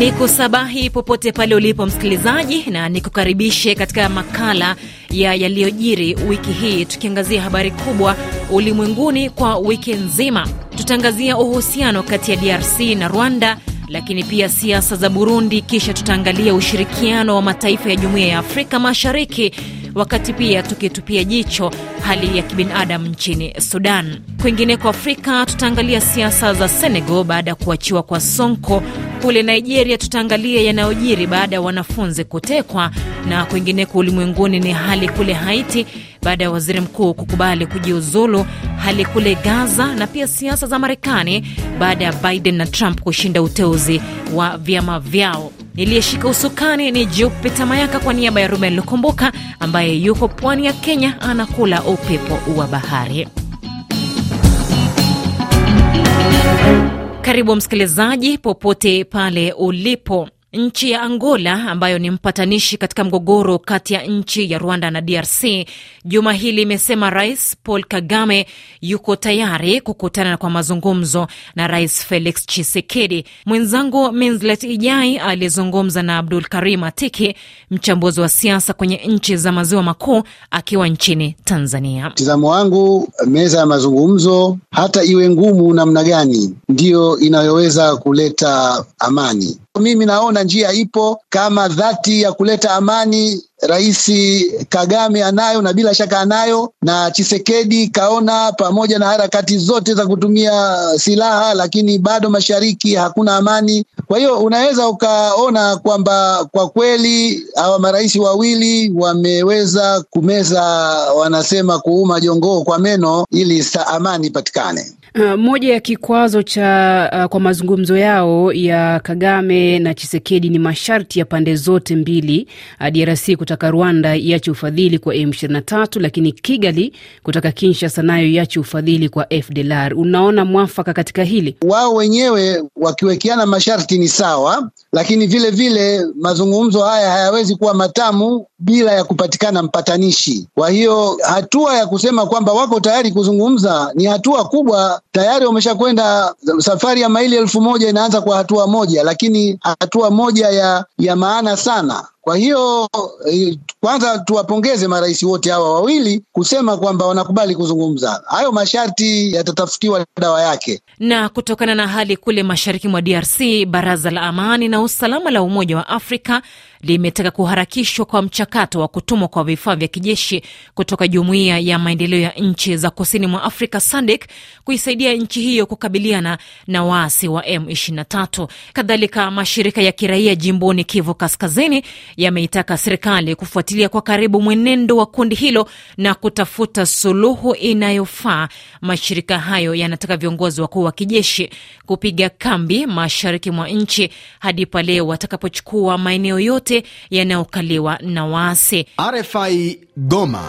Ni kusabahi popote pale ulipo msikilizaji, na nikukaribishe katika makala ya yaliyojiri wiki hii, tukiangazia habari kubwa ulimwenguni kwa wiki nzima. Tutaangazia uhusiano kati ya DRC na Rwanda, lakini pia siasa za Burundi, kisha tutaangalia ushirikiano wa mataifa ya Jumuiya ya Afrika Mashariki wakati pia tukitupia jicho hali ya kibinadamu nchini Sudan. kwa Afrika, tutaangalia siasa za Senegal baada ya kuachiwa kwa Sonko kule Nigeria, tutaangalia yanayojiri baada ya wanafunzi kutekwa, na kwingineko ulimwenguni ni hali kule Haiti baada ya waziri mkuu kukubali kujiuzulu, hali kule Gaza na pia siasa za Marekani baada ya Biden na Trump kushinda uteuzi wa vyama vyao. Niliyeshika usukani ni Jupita Mayaka kwa niaba ya Ruben Lukumbuka ambaye yuko pwani ya Kenya anakula upepo wa bahari. Karibu msikilizaji, popote pale ulipo. Nchi ya Angola ambayo ni mpatanishi katika mgogoro kati ya nchi ya Rwanda na DRC juma hili imesema Rais Paul Kagame yuko tayari kukutana kwa mazungumzo na Rais Felix Tshisekedi. Mwenzangu Minslet Ijai aliyezungumza na Abdul Karim Atiki, mchambuzi wa siasa kwenye nchi za maziwa makuu, akiwa nchini Tanzania. Mtizamo wangu, meza ya mazungumzo, hata iwe ngumu namna gani, ndiyo inayoweza kuleta amani mimi naona njia ipo, kama dhati ya kuleta amani Rais Kagame anayo na bila shaka anayo, na Chisekedi kaona, pamoja na harakati zote za kutumia silaha, lakini bado mashariki hakuna amani. Kwa hiyo unaweza ukaona kwamba kwa kweli hawa marais wawili wameweza kumeza, wanasema kuuma jongoo kwa meno, ili amani ipatikane. Uh, moja ya kikwazo cha uh, kwa mazungumzo yao ya Kagame na Chisekedi ni masharti ya pande zote mbili, uh, DRC kutaka Rwanda iache ufadhili kwa M23, lakini Kigali kutaka Kinshasa nayo iache ufadhili kwa FDLR. Unaona mwafaka katika hili? Wao wenyewe wakiwekeana masharti ni sawa, lakini vile vile mazungumzo haya hayawezi kuwa matamu bila ya kupatikana mpatanishi. Kwa hiyo hatua ya kusema kwamba wako tayari kuzungumza ni hatua kubwa. Tayari wameshakwenda safari ya maili elfu moja inaanza kwa hatua moja, lakini hatua moja ya, ya maana sana. Kwa hiyo eh, kwanza tuwapongeze marais wote hawa wawili kusema kwamba wanakubali kuzungumza. Hayo masharti yatatafutiwa dawa yake. Na kutokana na hali kule mashariki mwa DRC, Baraza la Amani na Usalama la Umoja wa Afrika limetaka kuharakishwa kwa mchakato wa kutumwa kwa vifaa vya kijeshi kutoka Jumuiya ya Maendeleo ya Nchi za Kusini mwa Afrika SADC kuisaidia nchi hiyo kukabiliana na waasi wa M23. Kadhalika, mashirika ya kiraia jimboni Kivu Kaskazini yameitaka serikali kufuatilia kwa karibu mwenendo wa kundi hilo na kutafuta suluhu inayofaa. Mashirika hayo yanataka viongozi wakuu wa kijeshi kupiga kambi mashariki mwa nchi hadi pale watakapochukua maeneo yote yanayokaliwa na waasi. RFI Goma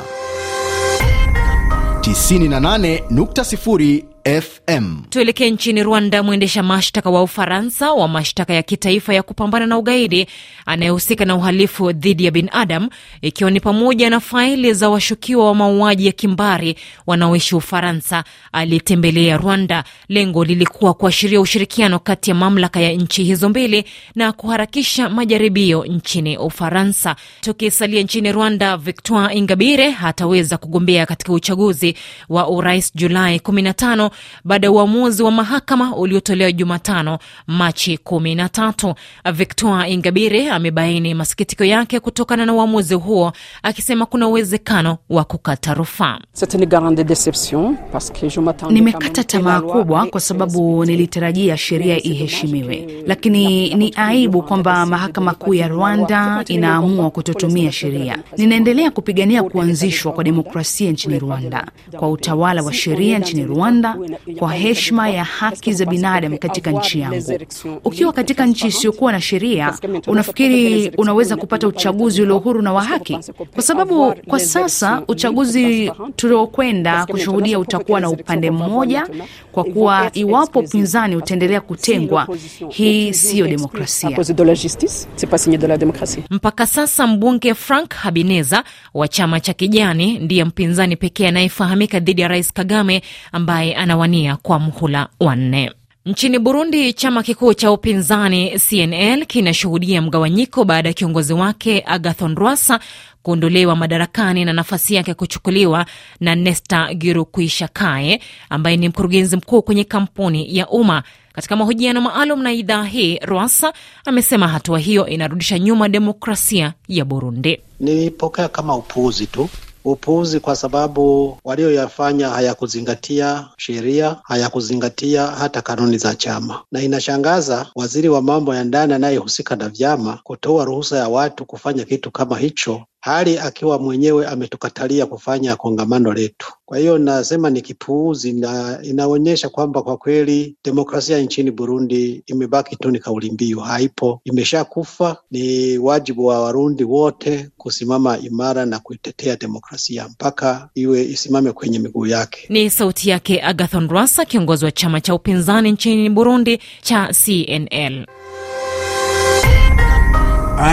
98.0 FM. Tuelekee nchini Rwanda. Mwendesha mashtaka wa Ufaransa wa mashtaka ya kitaifa ya kupambana na ugaidi anayehusika na uhalifu dhidi ya binadamu, ikiwa ni pamoja na faili za washukiwa wa mauaji ya kimbari wanaoishi Ufaransa, alitembelea Rwanda. Lengo lilikuwa kuashiria ushirikiano kati ya mamlaka ya nchi hizo mbili na kuharakisha majaribio nchini Ufaransa. Tukisalia nchini Rwanda, Victoire Ingabire hataweza kugombea katika uchaguzi wa urais Julai 15 baada ya uamuzi wa mahakama uliotolewa Jumatano Machi 13. Victor Ingabire amebaini masikitiko yake kutokana na uamuzi huo, akisema kuna uwezekano wa kukata rufaa. Nimekata tamaa kubwa kwa sababu nilitarajia sheria iheshimiwe, lakini ni aibu kwamba mahakama kuu ya Rwanda inaamua kutotumia sheria. Ninaendelea kupigania kuanzishwa kwa demokrasia nchini Rwanda, kwa utawala wa sheria nchini Rwanda kwa heshima ya haki za binadamu katika nchi yangu. Ukiwa katika nchi isiyokuwa na sheria, unafikiri unaweza kupata uchaguzi ulio huru na wa haki? Kwa sababu kwa sasa uchaguzi tuliokwenda kushuhudia utakuwa na upande mmoja, kwa kuwa iwapo upinzani utaendelea kutengwa, hii siyo demokrasia. Mpaka sasa mbunge Frank Habineza wa chama cha Kijani ndiye mpinzani pekee anayefahamika dhidi ya Rais Kagame ambaye ana anawania kwa mhula wa nne. Nchini Burundi, chama kikuu cha upinzani CNL kinashuhudia mgawanyiko baada ya kiongozi wake Agathon Rwasa kuondolewa madarakani na nafasi yake kuchukuliwa na Nesta girukuishakae ambaye ni mkurugenzi mkuu kwenye kampuni ya umma. Katika mahojiano maalum na idhaa hii, Rwasa amesema hatua hiyo inarudisha nyuma demokrasia ya Burundi. Nilipokea kama upuuzi tu upuuzi kwa sababu walioyafanya hayakuzingatia sheria, hayakuzingatia hata kanuni za chama. Na inashangaza waziri wa mambo ya ndani anayehusika na vyama kutoa ruhusa ya watu kufanya kitu kama hicho hali akiwa mwenyewe ametukatalia kufanya kongamano letu. Kwa hiyo nasema ni kipuuzi, na inaonyesha kwamba kwa kweli demokrasia nchini Burundi imebaki tu ni kauli mbiu, haipo, imeshakufa. Ni wajibu wa Warundi wote kusimama imara na kuitetea demokrasia mpaka iwe isimame kwenye miguu yake. Ni sauti yake Agathon Rwasa, kiongozi wa chama cha upinzani nchini Burundi cha CNL.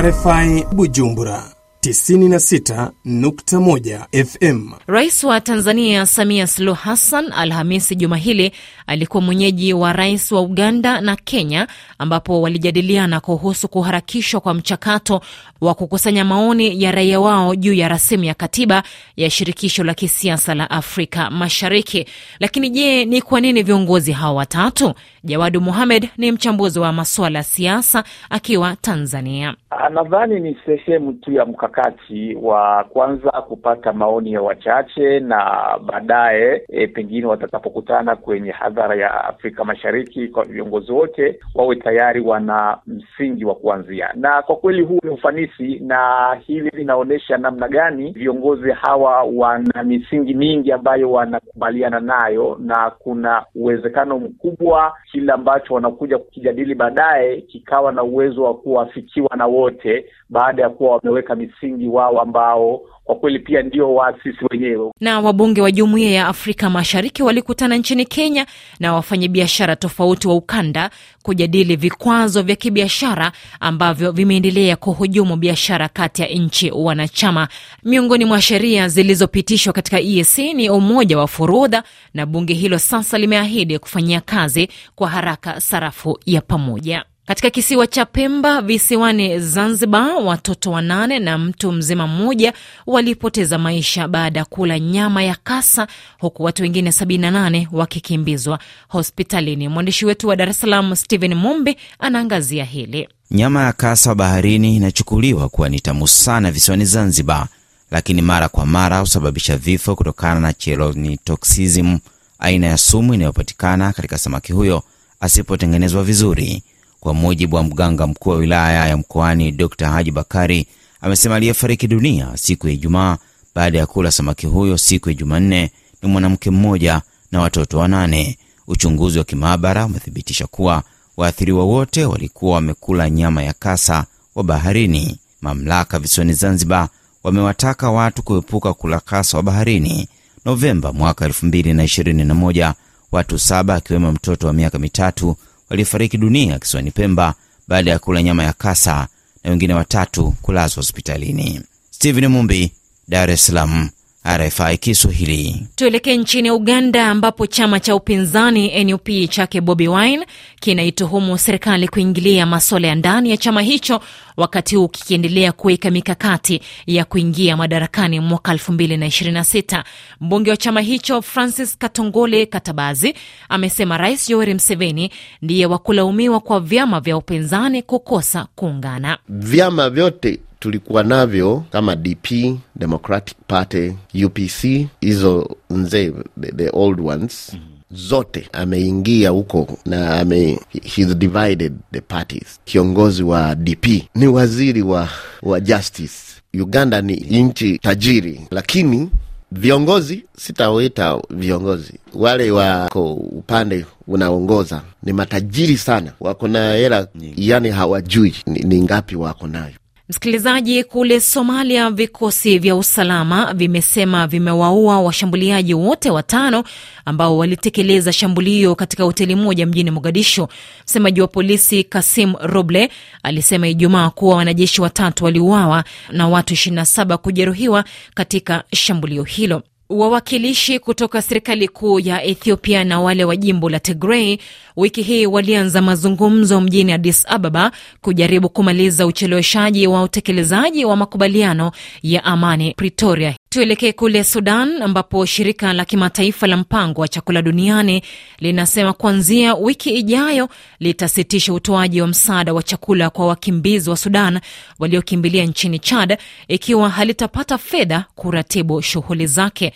RFI Bujumbura 96.1 FM. Rais wa Tanzania Samia Suluhu Hassan Alhamisi juma hili alikuwa mwenyeji wa rais wa Uganda na Kenya, ambapo walijadiliana kuhusu kuharakishwa kwa mchakato wa kukusanya maoni ya raia wao juu ya rasimu ya katiba ya shirikisho la kisiasa la Afrika Mashariki. Lakini je, ni kwa nini viongozi hawa watatu? Jawadu muhamed ni mchambuzi wa masuala ya siasa akiwa Tanzania. Nadhani ni sehemu tu ya mkakati wakati wa kwanza kupata maoni ya wachache na baadaye e, pengine watakapokutana kwenye hadhara ya Afrika Mashariki kwa viongozi wote wawe tayari wana msingi wa kuanzia. Na kwa kweli huu ni ufanisi, na hili linaonyesha namna gani viongozi hawa wana misingi mingi ambayo wanakubaliana nayo, na kuna uwezekano mkubwa kile ambacho wanakuja kukijadili baadaye kikawa na uwezo wa kuwafikiwa na wote baada ya kuwa wameweka misingi msingi wao ambao kwa kweli pia ndio waasisi wenyewe. Na wabunge wa Jumuiya ya Afrika Mashariki walikutana nchini Kenya na wafanyabiashara tofauti wa ukanda kujadili vikwazo vya kibiashara ambavyo vimeendelea kuhujumu biashara kati ya nchi wanachama. Miongoni mwa sheria zilizopitishwa katika EAC ni umoja wa forodha, na bunge hilo sasa limeahidi kufanyia kazi kwa haraka sarafu ya pamoja. Katika kisiwa cha Pemba visiwani Zanzibar, watoto wanane na mtu mzima mmoja walipoteza maisha baada ya kula nyama ya kasa, huku watu wengine 78 wakikimbizwa hospitalini. Mwandishi wetu wa Dar es Salaam Stephen Mumbi anaangazia hili. Nyama ya kasa wa baharini inachukuliwa kuwa ni tamu sana visiwani Zanzibar, lakini mara kwa mara husababisha vifo kutokana na chelonitoksism, aina ya sumu inayopatikana katika samaki huyo asipotengenezwa vizuri. Kwa mujibu wa mganga mkuu wa wilaya ya Mkoani, Dr Haji Bakari amesema aliyefariki dunia siku ya Ijumaa baada ya kula samaki huyo siku ya Jumanne ni mwanamke mmoja na watoto wanane. Uchunguzi wa kimaabara umethibitisha kuwa waathiriwa wote walikuwa wamekula nyama ya kasa wa baharini. Mamlaka visiwani Zanzibar wamewataka watu kuepuka kula kasa wa baharini. Novemba mwaka 2021 watu saba akiwemo mtoto wa miaka mitatu waliofariki dunia kisiwani Pemba baada ya kula nyama ya kasa na wengine watatu kulazwa hospitalini. stephen Mumbi, Dar es Salaam. RFI Kiswahili. Tuelekee nchini Uganda ambapo chama cha upinzani NUP chake Bobi Wine kinaituhumu serikali kuingilia masuala ya ndani ya chama hicho, wakati huu kikiendelea kuweka mikakati ya kuingia madarakani mwaka 2026. Mbunge wa chama hicho Francis Katongole Katabazi amesema Rais Yoweri Museveni ndiye wa kulaumiwa kwa vyama vya upinzani kukosa kuungana. Vyama vyote tulikuwa navyo kama DP, Democratic Party, UPC, hizo nzee the, the old ones mm -hmm zote ameingia huko na ame, he's divided the parties. Kiongozi wa DP ni waziri wa, wa justice. Uganda ni nchi tajiri, lakini viongozi sitawita viongozi, wale wako upande unaongoza ni matajiri sana, wako na hela yani hawajui ni, ni ngapi wako nayo. Msikilizaji, kule Somalia, vikosi vya usalama vimesema vimewaua washambuliaji wote watano ambao walitekeleza shambulio katika hoteli moja mjini mogadisho Msemaji wa polisi Kasim Roble alisema Ijumaa kuwa wanajeshi watatu waliuawa na watu 27 kujeruhiwa katika shambulio hilo. Wawakilishi kutoka serikali kuu ya Ethiopia na wale wa jimbo la Tigray wiki hii walianza mazungumzo mjini Addis Ababa kujaribu kumaliza ucheleweshaji wa utekelezaji wa makubaliano ya amani Pretoria. Tuelekee kule Sudan ambapo shirika la kimataifa la mpango wa chakula duniani linasema kuanzia wiki ijayo litasitisha utoaji wa msaada wa chakula kwa wakimbizi wa Sudan waliokimbilia nchini Chad ikiwa halitapata fedha kuratibu shughuli zake.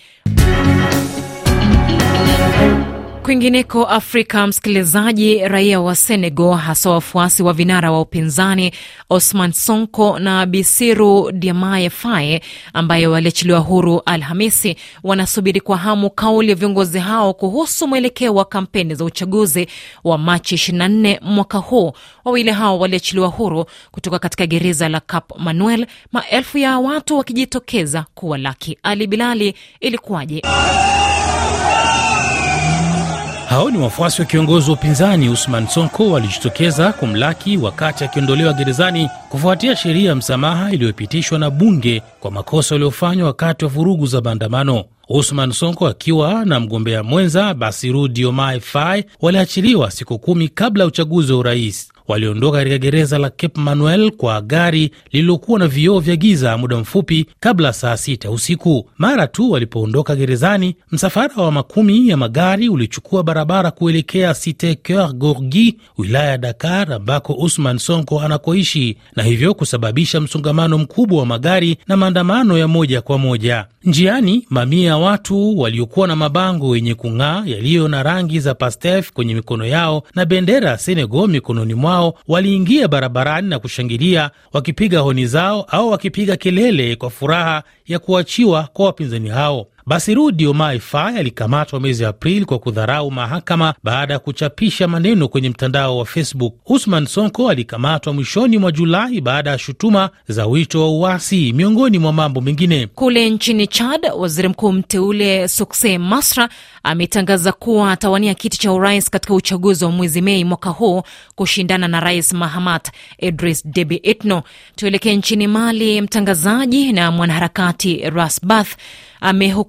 Kwingineko Afrika, msikilizaji, raia wa Senegal, hasa wafuasi wa vinara wa upinzani Osman Sonko na Bisiru Diomaye Faye ambaye waliachiliwa huru Alhamisi, wanasubiri kwa hamu kauli ya viongozi hao kuhusu mwelekeo wa kampeni za uchaguzi wa Machi 24 mwaka huu. Wawili hao waliachiliwa huru kutoka katika gereza la Cap Manuel, maelfu ya watu wakijitokeza kuwa laki. Ali Bilali, ilikuwaje? Hao ni wafuasi wa kiongozi wa upinzani Usman Sonko walijitokeza kumlaki wakati akiondolewa gerezani kufuatia sheria ya msamaha iliyopitishwa na bunge kwa makosa yaliyofanywa wakati wa vurugu za maandamano. Usman Sonko akiwa na mgombea mwenza Basiru Diomaye Faye waliachiliwa siku kumi kabla ya uchaguzi wa urais waliondoka katika gereza la Cape Manuel kwa gari lililokuwa na vioo vya giza muda mfupi kabla saa sita usiku. Mara tu walipoondoka gerezani, msafara wa makumi ya magari ulichukua barabara kuelekea Cite Keur Gorgi, wilaya ya Dakar, ambako Usman Sonko anakoishi na hivyo kusababisha msongamano mkubwa wa magari na maandamano ya moja kwa moja. Njiani, mamia ya watu waliokuwa na mabango yenye kung'aa yaliyo na rangi za Pastef kwenye mikono yao na bendera ya Senegal mikononi mwao wao waliingia barabarani na kushangilia wakipiga honi zao au wakipiga kelele kwa furaha ya kuachiwa kwa wapinzani hao. Basirudio Maifai alikamatwa mwezi Aprili kwa kudharau mahakama baada ya kuchapisha maneno kwenye mtandao wa Facebook. Usman Sonko alikamatwa mwishoni mwa Julai baada ya shutuma za wito wa uasi, miongoni mwa mambo mengine. Kule nchini Chad, waziri mkuu mteule Sukse Masra ametangaza kuwa atawania kiti cha urais katika uchaguzi wa mwezi Mei mwaka huu kushindana na rais Mahamat Idris Debi Itno. Tuelekee nchini Mali. Mtangazaji na mwanaharakati Ras Bath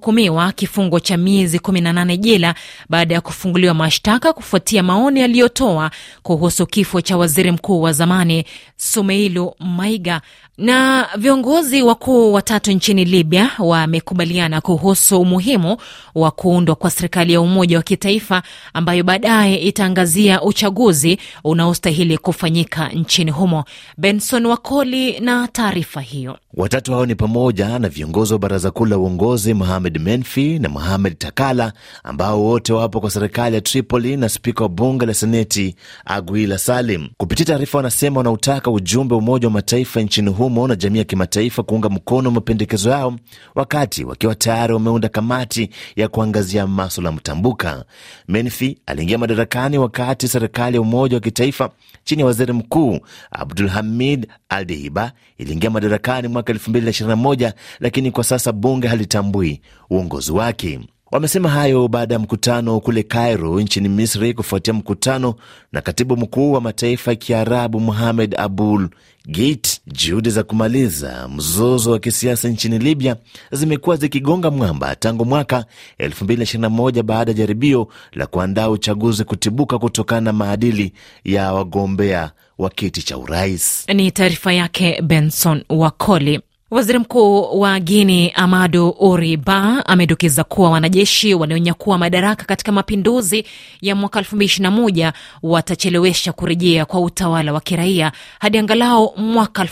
kuhukumiwa kifungo cha miezi 18 jela baada ya kufunguliwa mashtaka kufuatia maoni aliyotoa kuhusu kifo cha waziri mkuu wa zamani Sumeilu Maiga na viongozi wakuu watatu nchini Libya wamekubaliana kuhusu umuhimu wa kuundwa kwa serikali ya umoja wa kitaifa ambayo baadaye itaangazia uchaguzi unaostahili kufanyika nchini humo. Benson Wakoli na taarifa hiyo. Watatu hao ni pamoja na viongozi wa baraza kuu la uongozi Mohamed Menfi na Mohamed Takala ambao wote wapo kwa serikali ya Tripoli na spika wa bunge la seneti Aguila Salim. Kupitia taarifa, wanasema wanautaka ujumbe wa Umoja wa Mataifa nchini humo humo na jamii ya kimataifa kuunga mkono mapendekezo yao, wakati wakiwa tayari wameunda kamati ya kuangazia maswala mtambuka. Menfi aliingia madarakani wakati serikali ya umoja wa kitaifa chini ya waziri mkuu Abdul Hamid al iliingia madarakani mwaka 2021 lakini kwa sasa bunge halitambui uongozi wake. Wamesema hayo baada ya mkutano kule Cairo nchini Misri kufuatia mkutano na katibu mkuu wa mataifa ya Kiarabu muhamed Abul Gate. Juhudi za kumaliza mzozo wa kisiasa nchini Libya zimekuwa zikigonga mwamba tangu mwaka 2021 baada ya jaribio la kuandaa uchaguzi kutibuka kutokana na maadili ya wagombea wa kiti cha urais. Ni taarifa yake Benson Wakoli. Waziri Mkuu wa Guini Amadu Oriba amedokeza kuwa wanajeshi walionyakua madaraka katika mapinduzi ya mwaka moja watachelewesha kurejea kwa utawala wa kiraia hadi angalau mwaka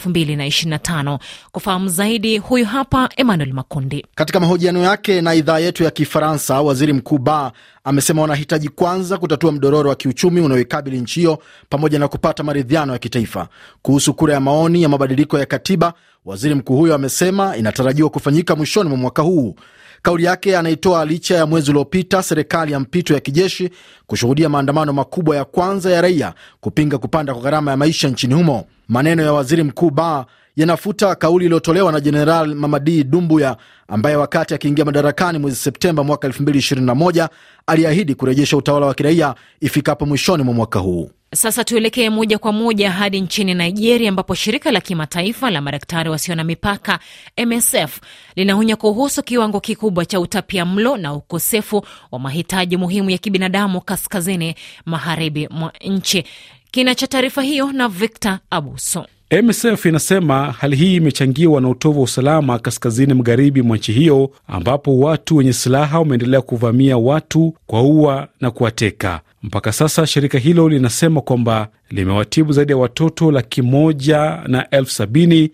tano. Kufahamu zaidi, huyu hapa Emmanuel Makundi. Katika mahojiano yake na idhaa yetu ya Kifaransa, waziri mkuu Ba amesema wanahitaji kwanza kutatua mdororo wa kiuchumi unaoikabili nchi hiyo pamoja na kupata maridhiano ya kitaifa kuhusu kura ya maoni ya mabadiliko ya katiba Waziri mkuu huyo amesema inatarajiwa kufanyika mwishoni mwa mwaka huu. Kauli yake anaitoa licha ya mwezi uliopita serikali ya mpito ya kijeshi kushuhudia maandamano makubwa ya kwanza ya raia kupinga kupanda kwa gharama ya maisha nchini humo. Maneno ya waziri mkuu Ba yanafuta kauli iliyotolewa na Jeneral Mamadi Dumbuya ambaye wakati akiingia madarakani mwezi Septemba mwaka 2021 aliahidi kurejesha utawala wa kiraia ifikapo mwishoni mwa mwaka huu. Sasa tuelekee moja kwa moja hadi nchini Nigeria, ambapo shirika la kimataifa la madaktari wasio na mipaka MSF linaonya kuhusu kiwango kikubwa cha utapia mlo na ukosefu wa mahitaji muhimu ya kibinadamu kaskazini magharibi mwa nchi. Kina cha taarifa hiyo na Victor Abuso. MSF inasema hali hii imechangiwa na utovu wa usalama kaskazini magharibi mwa nchi hiyo, ambapo watu wenye silaha wameendelea kuvamia watu, kwa ua na kuwateka. Mpaka sasa shirika hilo linasema kwamba limewatibu zaidi ya watoto laki moja na elfu sabini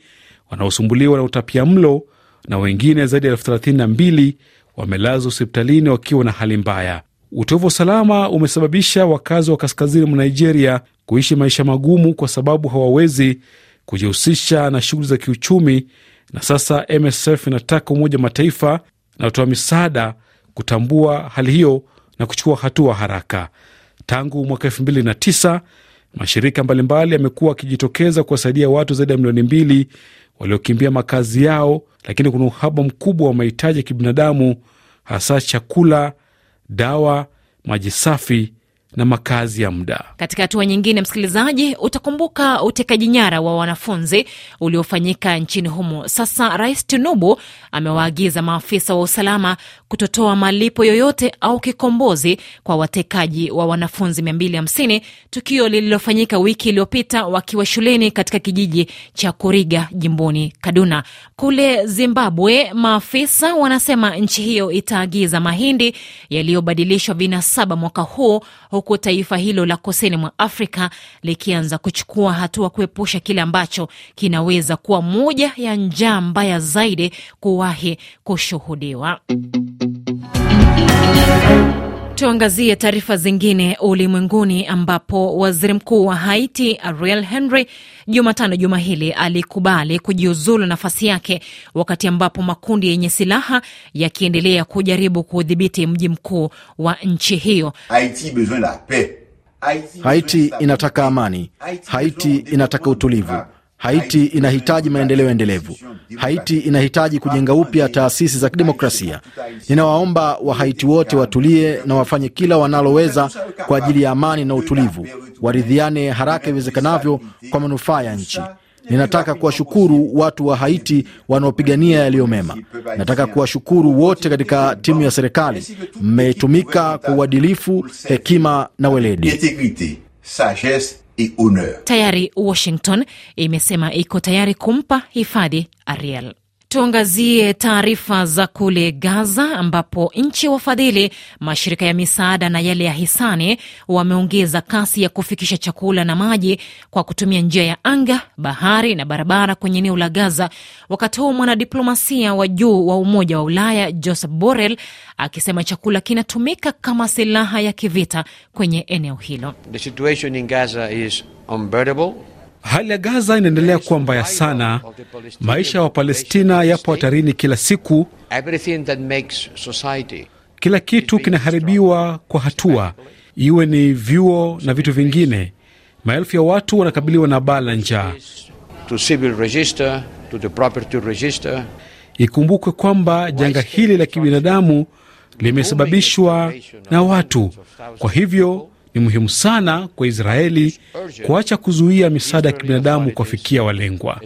wanaosumbuliwa na utapia mlo na wengine zaidi ya elfu thelathini na mbili wamelazwa hospitalini wakiwa na hali mbaya. Utovu wa usalama umesababisha wakazi wa kaskazini mwa Nigeria kuishi maisha magumu kwa sababu hawawezi kujihusisha na shughuli za kiuchumi, na sasa MSF inataka Umoja wa Mataifa na utoa misaada kutambua hali hiyo na kuchukua hatua haraka. Tangu mwaka tisa mashirika mbalimbali yamekuwa akijitokeza kuwasaidia watu zaidi ya milioni mbili waliokimbia makazi yao, lakini kuna uhaba mkubwa wa mahitaji ya kibinadamu, hasa chakula, dawa, maji safi na makazi ya muda. Katika hatua nyingine, msikilizaji, utakumbuka utekaji nyara wa wanafunzi uliofanyika nchini humo. Sasa Rais Tinubu amewaagiza maafisa wa usalama kutotoa malipo yoyote au kikombozi kwa watekaji wa wanafunzi 250 tukio lililofanyika wiki iliyopita wakiwa shuleni katika kijiji cha Kuriga jimboni Kaduna. Kule Zimbabwe, maafisa wanasema nchi hiyo itaagiza mahindi yaliyobadilishwa vinasaba mwaka huu huku huku taifa hilo la kusini mwa Afrika likianza kuchukua hatua kuepusha kile ambacho kinaweza kuwa moja ya njaa mbaya zaidi kuwahi kushuhudiwa. Tuangazie taarifa zingine ulimwenguni, ambapo waziri mkuu wa Haiti Ariel Henry Jumatano juma hili alikubali kujiuzulu nafasi yake, wakati ambapo makundi yenye silaha yakiendelea kujaribu kuudhibiti mji mkuu wa nchi hiyo. Haiti inataka amani, Haiti inataka utulivu. Haiti inahitaji maendeleo endelevu. Haiti inahitaji kujenga upya taasisi za kidemokrasia. Ninawaomba Wahaiti wote watulie na wafanye kila wanaloweza kwa ajili ya amani na utulivu, waridhiane haraka iwezekanavyo kwa manufaa ya nchi. Ninataka kuwashukuru watu wa Haiti wanaopigania yaliyo mema. Nataka kuwashukuru wote katika timu ya serikali, mmetumika kwa uadilifu, hekima na weledi. Tayari Washington imesema iko tayari kumpa hifadhi Ariel. Tuangazie taarifa za kule Gaza ambapo nchi wafadhili, mashirika ya misaada na yale ya hisani wameongeza kasi ya kufikisha chakula na maji kwa kutumia njia ya anga, bahari na barabara kwenye eneo la Gaza, wakati huu mwanadiplomasia wa juu wa Umoja wa Ulaya Joseph Borrell akisema chakula kinatumika kama silaha ya kivita kwenye eneo hilo. The situation in Gaza is unbearable. Hali ya Gaza inaendelea kuwa mbaya sana. Maisha ya Wapalestina yapo hatarini kila siku. Kila kitu kinaharibiwa kwa hatua, iwe ni vyuo na vitu vingine. Maelfu ya watu wanakabiliwa na baa la njaa. Ikumbukwe kwamba janga hili la kibinadamu limesababishwa na watu, kwa hivyo ni muhimu sana kwa Israeli kuacha kuzuia misaada ya kibinadamu kuwafikia walengwa.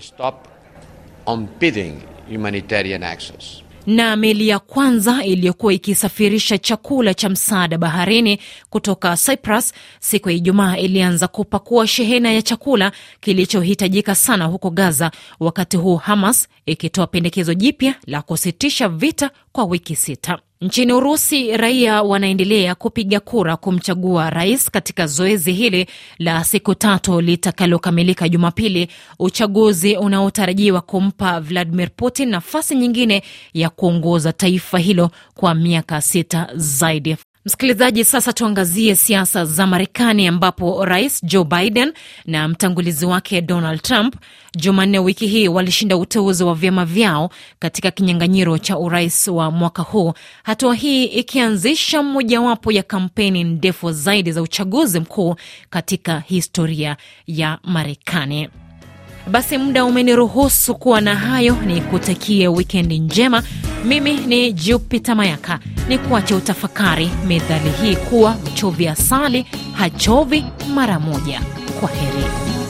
Na meli ya kwanza iliyokuwa ikisafirisha chakula cha msaada baharini kutoka Cyprus siku ya Ijumaa ilianza kupakua shehena ya chakula kilichohitajika sana huko Gaza, wakati huu Hamas ikitoa pendekezo jipya la kusitisha vita kwa wiki sita. Nchini Urusi, raia wanaendelea kupiga kura kumchagua rais katika zoezi hili la siku tatu litakalokamilika Jumapili, uchaguzi unaotarajiwa kumpa Vladimir Putin nafasi nyingine ya kuongoza taifa hilo kwa miaka sita zaidi. Msikilizaji, sasa tuangazie siasa za Marekani ambapo rais Joe Biden na mtangulizi wake Donald Trump Jumanne wiki hii walishinda uteuzi wa vyama vyao katika kinyang'anyiro cha urais wa mwaka huu, hatua hii ikianzisha mojawapo ya kampeni ndefu zaidi za uchaguzi mkuu katika historia ya Marekani. Basi muda umeniruhusu kuwa na hayo, ni kutakie wikendi njema. Mimi ni Jupita Mayaka, ni kuache utafakari methali hii kuwa mchovi asali hachovi mara moja. Kwa heri.